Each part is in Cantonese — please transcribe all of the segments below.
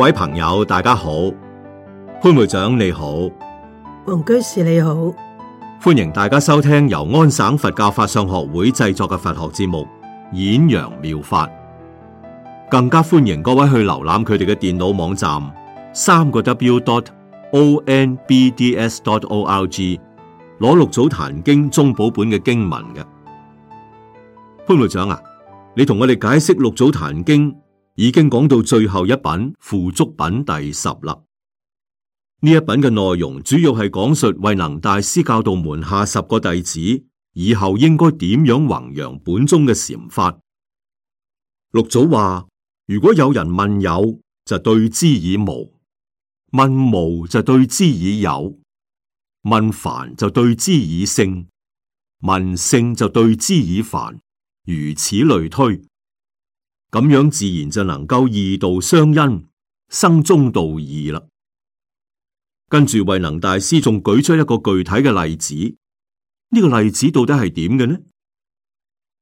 各位朋友，大家好，潘會長你好，王居士你好，歡迎大家收聽由安省佛教法相學會製作嘅佛學節目《演揚妙法》，更加歡迎各位去瀏覽佢哋嘅電腦網站三個 W dot O N B D S 點 O L G。攞六祖壇經中寶本嘅經文嘅潘會長啊，你同我哋解釋六祖壇經。已經講到最後一品付囑品第十啦。呢一品嘅內容主要係講述慧能大師教導門下十個弟子以後應該點樣弘揚本宗嘅禪法。六祖話：如果有人問有，就對之以無；問無就對之以有；問凡就對之以聖；問聖就對之以凡，如此類推。咁樣自然就能夠二道相因生中道義啦。跟住慧能大師仲舉出一個具體嘅例子，呢、這個例子到底係點嘅呢？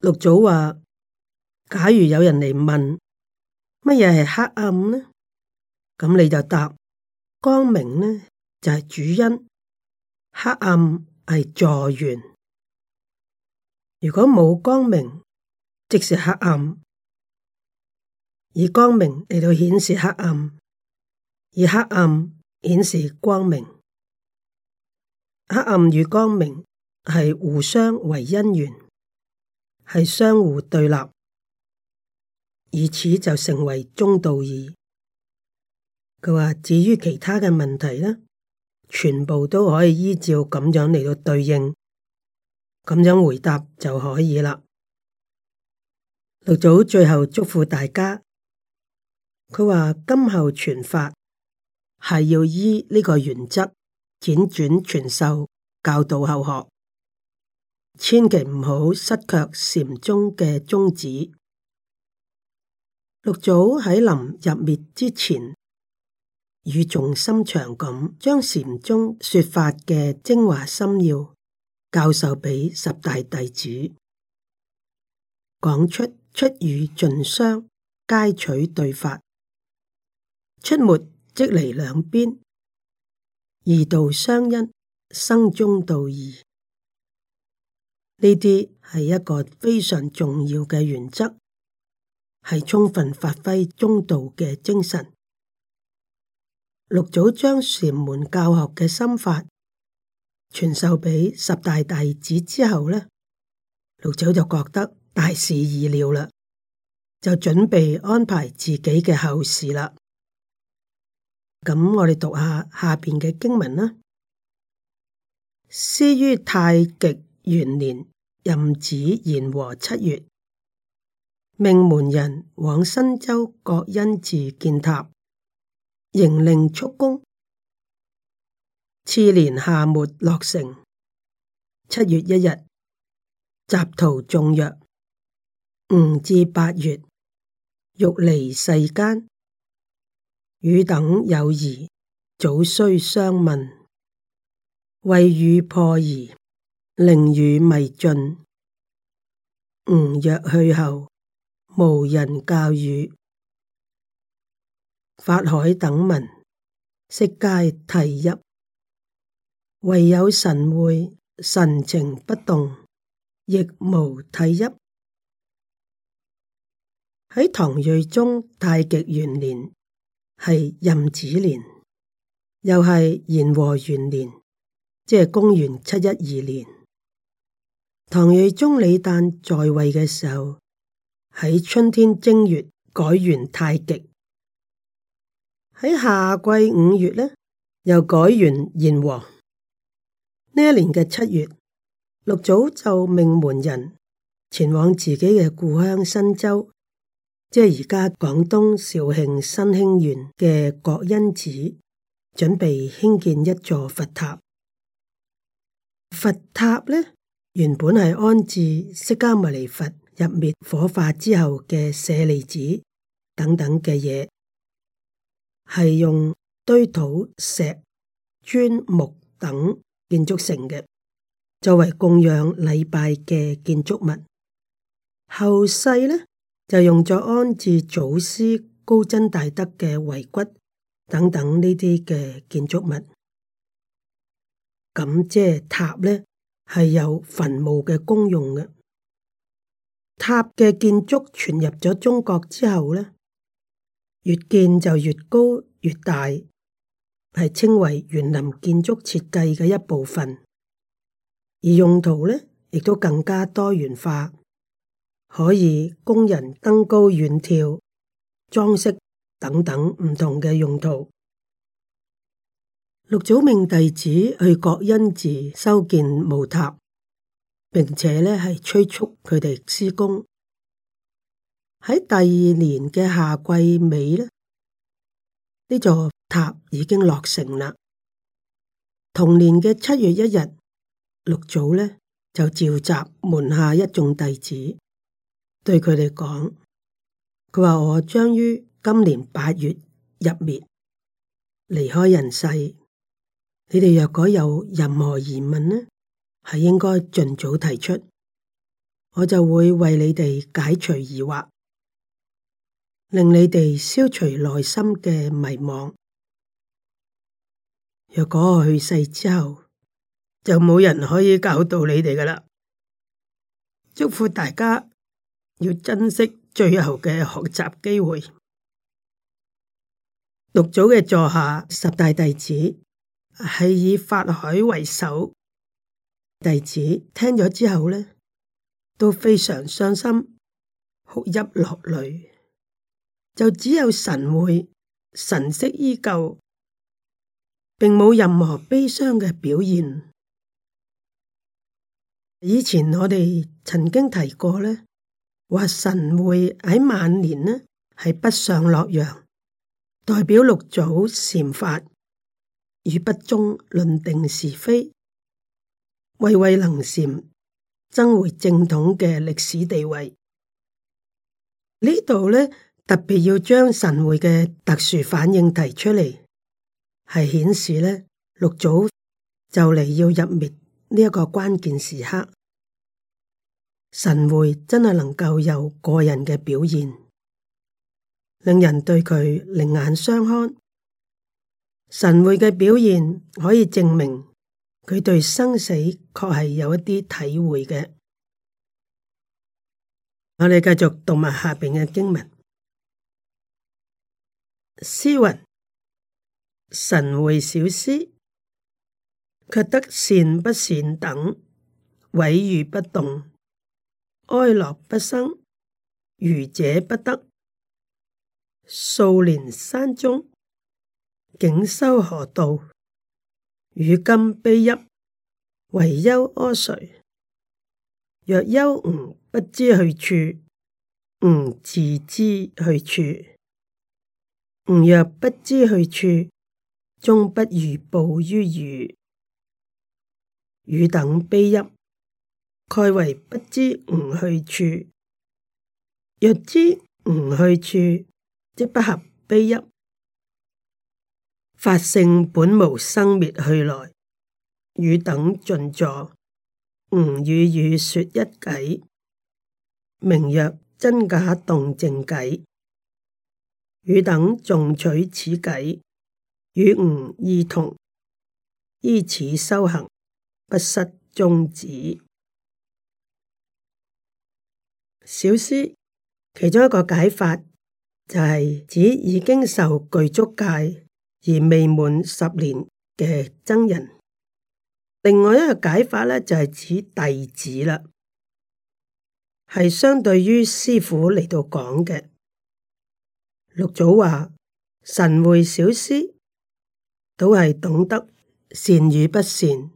六祖話：假如有人嚟問乜嘢係黑暗呢？咁你就答：光明呢就係、是、主因，黑暗係助緣。如果冇光明，即是黑暗。以光明嚟到顯示黑暗，以黑暗顯示光明。黑暗與光明係互相為因緣，係相互對立，以此就成為中道義。佢話至於其他嘅問題呢，全部都可以依照咁樣嚟到對應，咁樣回答就可以啦。六祖最後祝福大家。佢話今後傳法係要依呢個原則輾轉傳授教導後學，千祈唔好失卻禪宗嘅宗旨。六祖喺臨入滅之前語重心長咁，將禪宗說法嘅精華心要教授畀十大弟子，講出出語盡雙皆取對法。出沒即離兩邊，二道相因，生中道義。呢啲係一個非常重要嘅原則，係充分發揮中道嘅精神。六祖將禪門教學嘅心法傳授畀十大弟子之後呢，六祖就覺得大事已了啦，就準備安排自己嘅後事啦。咁我哋讀下下邊嘅經文啦。師於太極元年，壬子延和七月，命門人往新州國恩寺建塔，仍令速工。次年夏末落成，七月一日，集徒眾曰，吾至八月，欲離世間。汝等有疑，早須相問；為汝破疑，令汝迷盡。吾若去後，無人教汝。法海等聞，悉皆涕泣。唯有神會，神情不動，亦無涕泣。喺唐睿宗太極元年。係壬子年，又係延和元年，即係公元七一二年。唐睿宗李旦在位嘅時候，喺春天正月改元太極，喺夏季五月呢，又改元延和。呢一年嘅七月，六祖就命門人前往自己嘅故鄉新州。即係而家廣東肇慶新興縣嘅國恩寺，準備興建一座佛塔。佛塔呢，原本係安置釋迦牟尼佛入滅火化之後嘅舍利子等等嘅嘢，係用堆土石磚木等建築成嘅，作為供養禮拜嘅建築物。後世呢。就用咗安置祖師高真大德嘅遺骨等等呢啲嘅建築物，咁即係塔咧係有墳墓嘅功用嘅。塔嘅建築傳入咗中國之後咧，越建就越高越大，係稱為園林建築設計嘅一部分，而用途咧亦都更加多元化。可以供人登高遠眺、裝飾等等唔同嘅用途。六祖命弟子去國恩寺修建墓塔，並且呢係催促佢哋施工。喺第二年嘅夏季尾呢，呢座塔已經落成啦。同年嘅七月一日，六祖呢就召集門下一眾弟子。對佢哋講，佢話，我將於今年八月入面，離開人世。你哋若果有任何疑問呢，係應該盡早提出，我就會為你哋解除疑惑，令你哋消除內心嘅迷惘。若果我去世之後，就冇人可以教導你哋噶啦。祝福大家。要珍惜最後嘅學習機會。六祖嘅座下十大弟子係以法海為首，弟子聽咗之後呢，都非常傷心，哭泣落淚。就只有神會神色依舊，並冇任何悲傷嘅表現。以前我哋曾經提過呢。話神會喺晚年呢，係北上洛陽，代表六祖禪法與不忠論定是非，為慧能禪爭回正統嘅歷史地位。呢度呢，特別要將神會嘅特殊反應提出嚟，係顯示呢，六祖就嚟要入滅呢一個關鍵時刻。神會真係能夠有過人嘅表現，令人對佢另眼相看。神會嘅表現可以證明佢對生死確係有一啲體會嘅。我哋繼續讀埋下邊嘅經文：師云，神會小師卻得善不善等，毀譽不動。哀樂不生，愚者不得。數年山中，景修何道？汝今悲泣，惟憂阿誰？若憂吾不知去處，吾自知去處。吾若不知去處，終不如報於汝。汝等悲泣。蓋為不知吾去處，若知吾去處，即不合悲泣。法性本無生滅去來，汝等盡坐，吾與汝說一偈，名曰真假動靜偈。汝等眾取此偈，與吾意同，依此修行，不失宗旨。小師其中一個解法就係指已經受具足戒而未滿十年嘅僧人，另外一個解法咧就係指弟子啦，係相對於師父嚟到講嘅。六祖話：神會小師都係懂得善與不善，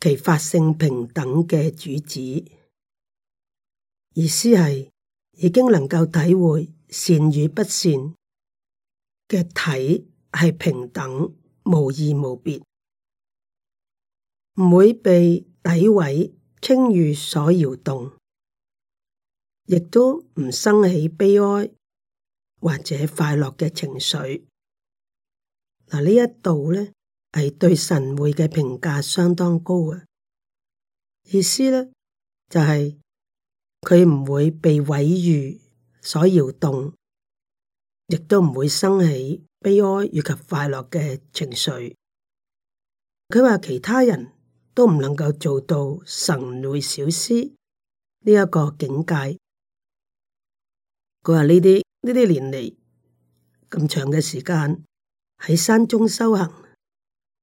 其法性平等嘅主旨。意思係已經能夠體會善與不善嘅體系平等無異無別，唔會被詆毀、輕譽所搖動，亦都唔生起悲哀或者快樂嘅情緒。嗱，呢一度呢係對神會嘅評價相當高啊！意思呢就係、是。佢唔會被毀譽所搖動，亦都唔會生起悲哀以及快樂嘅情緒。佢話其他人都唔能夠做到神女小師呢一個境界。佢話呢啲呢啲年嚟，咁長嘅時間喺山中修行，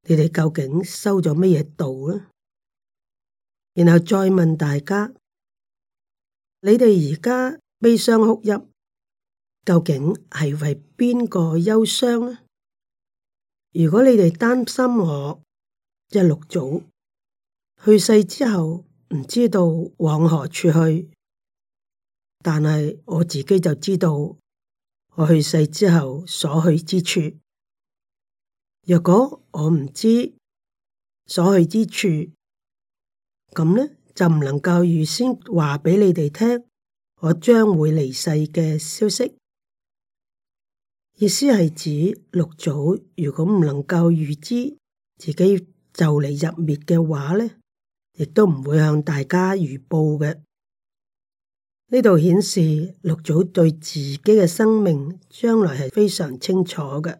你哋究竟修咗乜嘢道呢？然後再問大家。你哋而家悲傷哭泣，究竟係為邊個憂傷呢？如果你哋擔心我一六祖去世之後唔知道往何處去，但係我自己就知道我去世之後所去之處。若果我唔知所去之處，咁呢，就唔能夠預先話畀你哋聽，我將會離世嘅消息，意思係指六祖如果唔能夠預知自己就嚟入滅嘅話呢，亦都唔會向大家預報嘅。呢度顯示六祖對自己嘅生命將來係非常清楚嘅，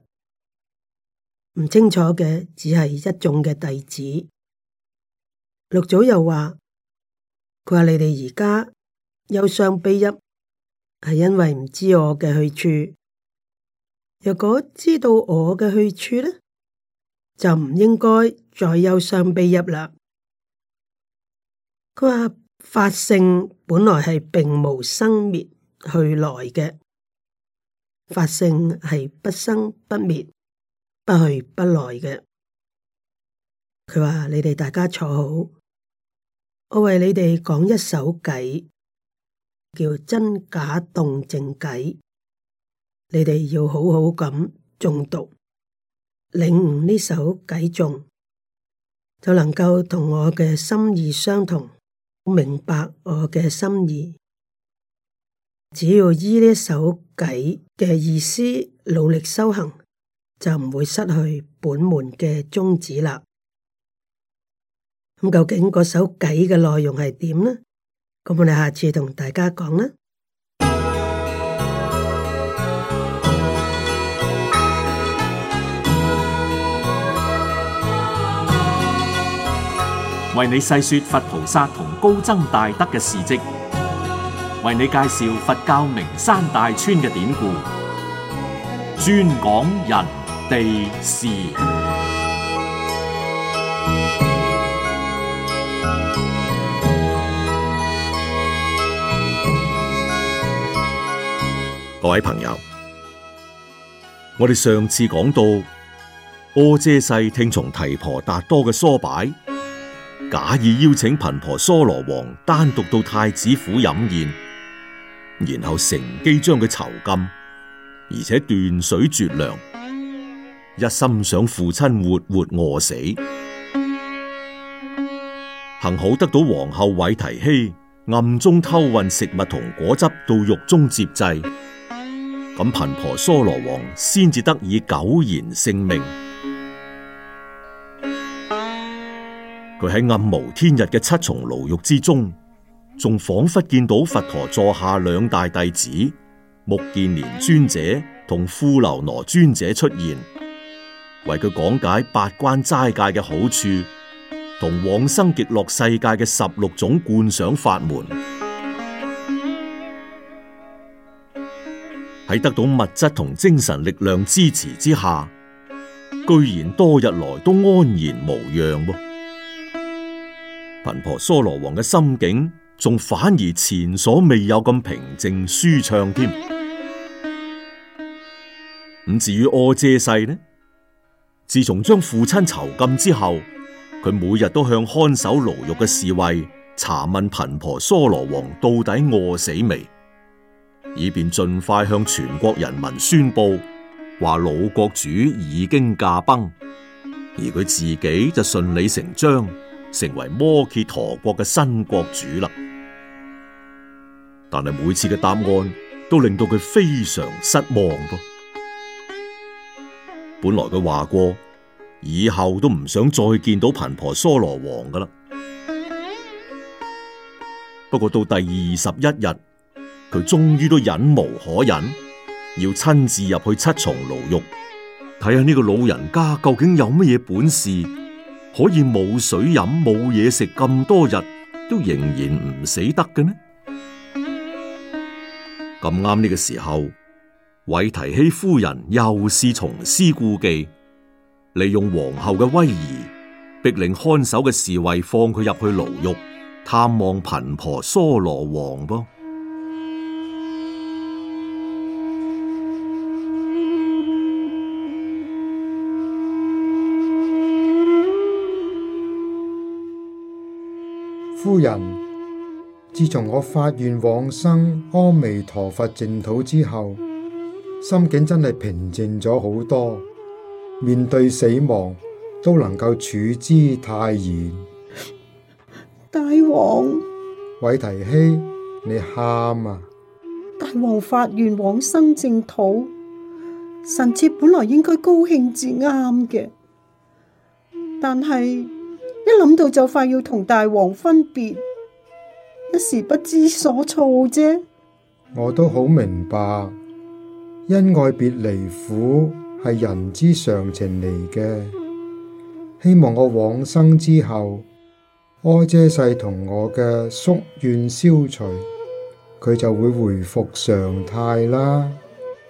唔清楚嘅只係一眾嘅弟子。六祖又話佢話你哋而家憂傷悲泣，係因為唔知我嘅去處。若果知道我嘅去處咧，就唔應該再憂傷悲泣啦。佢話法性本來係並無生滅去來嘅，法性係不生不滅、不去不來嘅。佢話你哋大家坐好。我為你哋講一首偈，叫真假動靜偈。你哋要好好咁誦讀，領悟呢首偈誦，就能夠同我嘅心意相同，明白我嘅心意。只要依呢首偈嘅意思努力修行，就唔會失去本門嘅宗旨啦。咁究竟嗰首偈嘅內容係點呢？咁我哋下次同大家講啦。為你細說佛菩薩同高僧大德嘅事跡，為你介紹佛教名山大川嘅典故，專講人地事。各位朋友，我哋上次講到阿姐世聽從提婆達多嘅唆擺，假意邀請頻婆娑羅王單獨到太子府飲宴，然後乘機將佢囚禁，而且斷水絕糧，一心想父親活活餓死。幸好得到皇后韋提希暗中偷運食物同果汁到獄中接濟。咁頻婆娑羅王先至得以苟延性命，佢喺暗無天日嘅七重牢獄之中，仲仿佛見到佛陀座下兩大弟子目犍連尊者同富樓那尊者出現，為佢講解八關齋戒嘅好處，同往生極樂世界嘅十六種觀想法門。喺得到物質同精神力量支持之下，居然多日來都安然無恙喎。頻婆娑羅王嘅心境仲反而前所未有咁平靜舒暢添。咁至於阿闍世呢？自從將父親囚禁之後，佢每日都向看守牢獄嘅侍衛查問頻婆娑羅王到底餓死未？以便盡快向全國人民宣布，話老國主已經駕崩，而佢自己就順理成章成為摩羯陀國嘅新國主啦。但係每次嘅答案都令到佢非常失望噃。本來佢話過以後都唔想再見到頻婆娑羅王噶啦。不過到第二十一日，佢終於都忍無可忍，要親自入去七重牢獄，睇下呢個老人家究竟有乜嘢本事，可以冇水飲、冇嘢食咁多日，都仍然唔死得嘅呢？咁啱呢個時候，韋提希夫人又重施故技，利用皇后嘅威儀，逼令看守嘅侍衛放佢入去牢獄探望頻婆娑羅王啵。夫人，自從我發願往生阿彌陀佛淨土之後，心境真係平靜咗好多，面對死亡都能夠處之泰然。大王，韋提希，你喊啊！大王發願往生淨土，臣妾本來應該高興至啱嘅，但係。一諗到就快要同大王分別，一時不知所措啫。我都好明白，因愛別離苦係人之常情嚟嘅。希望我往生之後，哀姐世同我嘅宿怨消除，佢就會回復常態啦。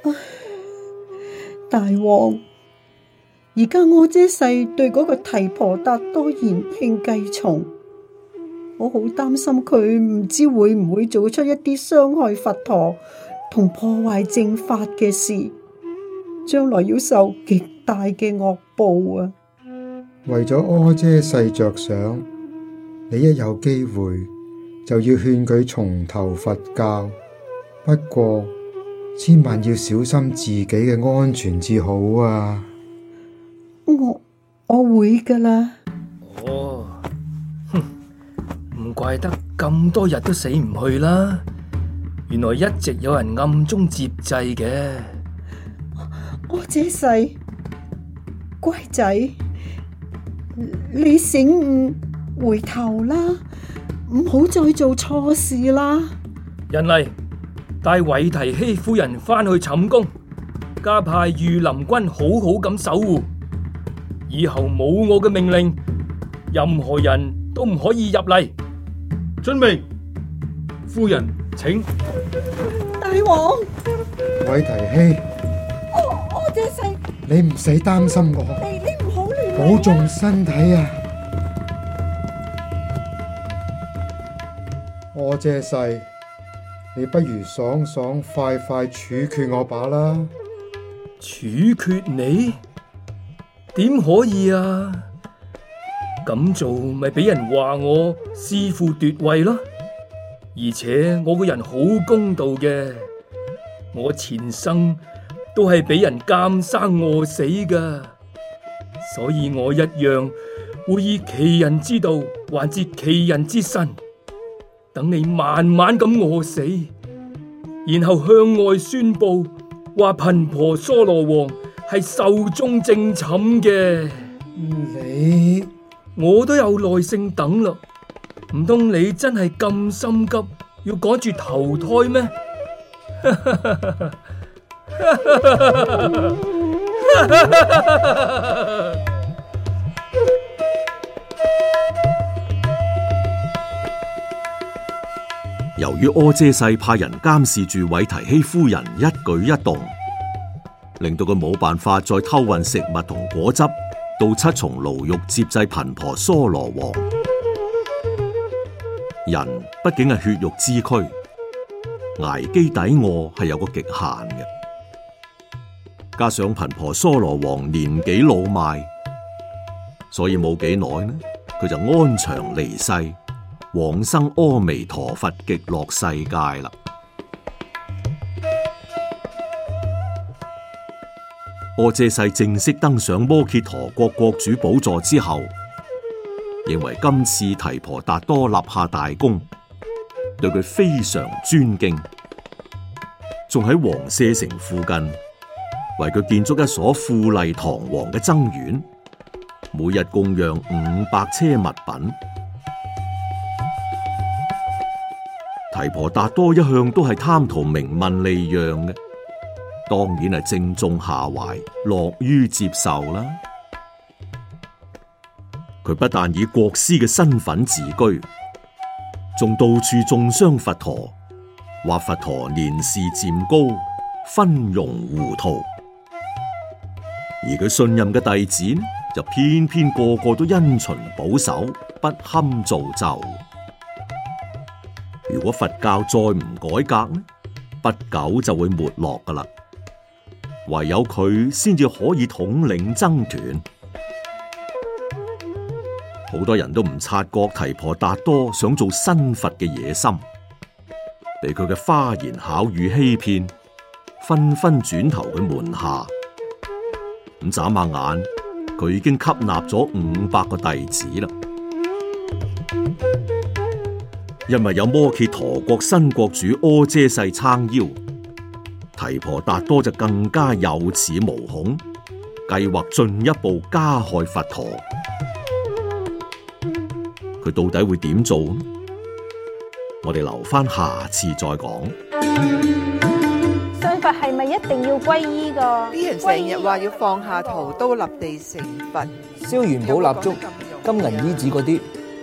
大王。而家阿闍世對嗰個提婆達多言聽計從，我好擔心佢唔知會唔會做出一啲傷害佛陀同破壞正法嘅事，將來要受極大嘅惡報啊！為咗阿闍世着想，你一有機會就要勸佢從頭佛教，不過千萬要小心自己嘅安全至好啊！我我會噶啦。哦，哼，唔怪得咁多日都死唔去啦。原來一直有人暗中接濟嘅。我我這世乖仔，你醒悟回頭啦，唔好再做錯事啦。人嚟，帶韋提希夫人翻去寢宮，加派御林軍好好咁守護。以後冇我嘅命令，任何人都唔可以入嚟。遵命，夫人，請。大王。韋提希。我我謝世。你唔使擔心我。你你唔好亂。保重身體啊！我謝世，你不如爽爽快快處決我罷啦。處決你？點可以啊？咁做咪俾人話我弑父奪位咯？而且我個人好公道嘅，我前生都係俾人監生餓死噶所以我一樣會以其人之道還治其人之身，等你慢慢咁餓死，然後向外宣布話頻婆娑羅王係壽終正寢嘅，你我都有耐性等咯，唔通，你真係咁心急，要趕住投胎咩？ 由於阿闍世派人監視住韋提希夫人一舉一動。令到佢冇辦法再偷運食物同果汁到七重牢獄，接濟頻婆娑羅王。人畢竟係血肉之軀，捱飢抵餓係有個極限嘅。加上頻婆娑羅王年紀老邁，所以冇幾耐呢，佢就安詳離世，往生阿彌陀佛極樂世界啦。我借世正式登上摩羯陀國國主寶座之後，認為今次提婆達多立下大功，對佢非常尊敬，仲喺王舍城附近為佢建築一所富麗堂皇嘅僧院，每日供養五百車物品。提婆達多一向都係貪圖名聞利養嘅。當然係正中下懷，樂於接受啦。佢不但以國師嘅身份自居，仲到處中傷佛陀，話佛陀年事漸高，昏庸糊塗。而佢信任嘅弟子呢，就偏偏個個都因循保守，不堪造就。如果佛教再唔改革，不久就會沒落噶啦。唯有佢先至可以統領僧團，好多人都唔察覺提婆達多想做新佛嘅野心，被佢嘅花言巧語欺騙，紛紛轉投佢門下。咁眨下眼，佢已經吸納咗五百個弟子啦。因為有摩羯陀國新國主阿闍世撐腰。提婆達多就更加有恃無恐，計劃進一步加害佛陀。佢到底會點做？我哋留返下次再講。信佛係咪一定要皈依㗎？啲人成日話要放下屠刀立地成佛，燒元寶蠟燭、金銀衣紙嗰啲，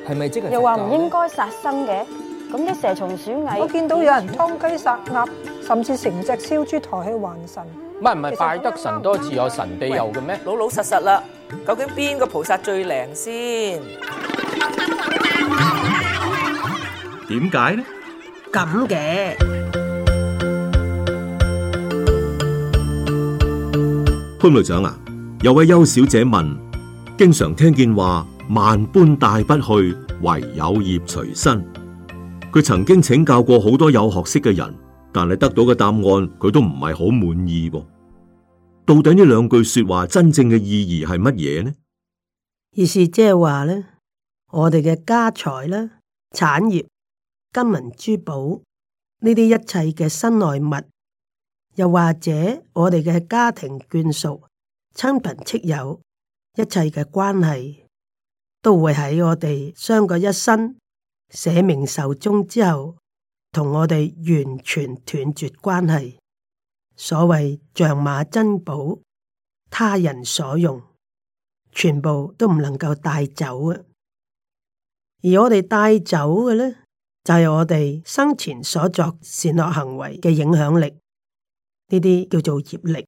係咪即係？又話唔應該殺生嘅，咁啲蛇蟲鼠蟻，我見到有人殺雞殺鴨。甚至成隻燒豬抬起還神，唔係，唔係拜得神多自有神庇佑嘅咩？老老實實啦，究竟邊個菩薩最靈先？點解呢？咁嘅潘隊長啊，有位邱小姐問，經常聽見話萬般帶不去，唯有業隨身。佢曾經請教過好多有學識嘅人。但係得到嘅答案，佢都唔係好滿意噃。到底呢兩句說話真正嘅意義係乜嘢呢？意思即係話咧，我哋嘅家財啦、產業、金銀珠寶呢啲一切嘅身外物，又或者我哋嘅家庭眷屬、親朋戚友一切嘅關係，都會喺我哋相過一生、捨命壽終之後。同我哋完全斷絕關係。所謂象馬珍寶，他人所用，全部都唔能夠帶走啊。而我哋帶走嘅呢，就係我哋生前所作善惡行為嘅影響力，呢啲叫做業力。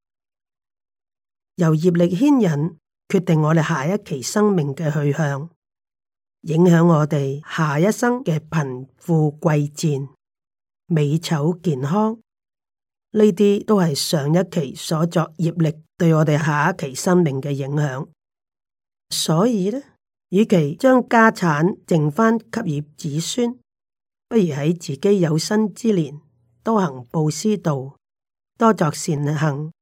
由業力牽引，決定我哋下一期生命嘅去向，影響我哋下一生嘅貧富貴賤。美醜健康呢啲都係上一期所作業力對我哋下一期生命嘅影響，所以呢，與其將家產剩翻給予子孫，不如喺自己有生之年多行布施道，多作善行，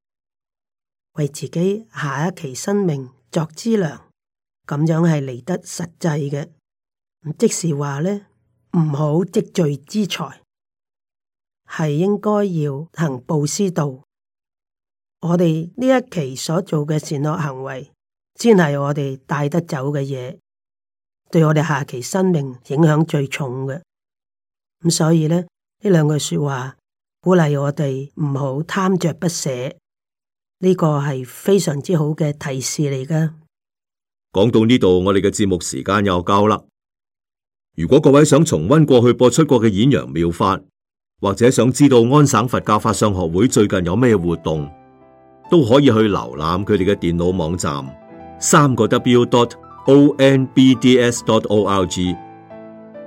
為自己下一期生命作資糧，咁樣係嚟得實際嘅。即是話呢，唔好積聚資財。係應該要行布施道。我哋呢一期所做嘅善惡行為，先係我哋帶得走嘅嘢，對我哋下期生命影響最重嘅。咁所以呢，呢兩句說話鼓勵我哋唔好貪着不捨，呢個係非常之好嘅提示嚟噶。講到呢度，我哋嘅節目時間又夠啦。如果各位想重溫過去播出過嘅演揚妙法，或者想知道安省佛教法相學會最近有咩活動，都可以去瀏覽佢哋嘅電腦網站，三個 W dot O N B D S dot O R G。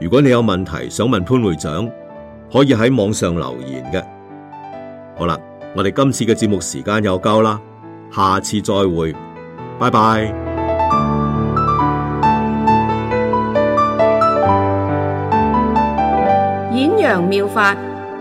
如果你有問題想問潘會長，可以喺網上留言嘅。好啦，我哋今次嘅節目時間又夠啦，下次再會，拜拜。演揚妙法。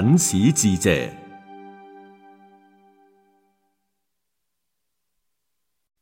僅此致謝。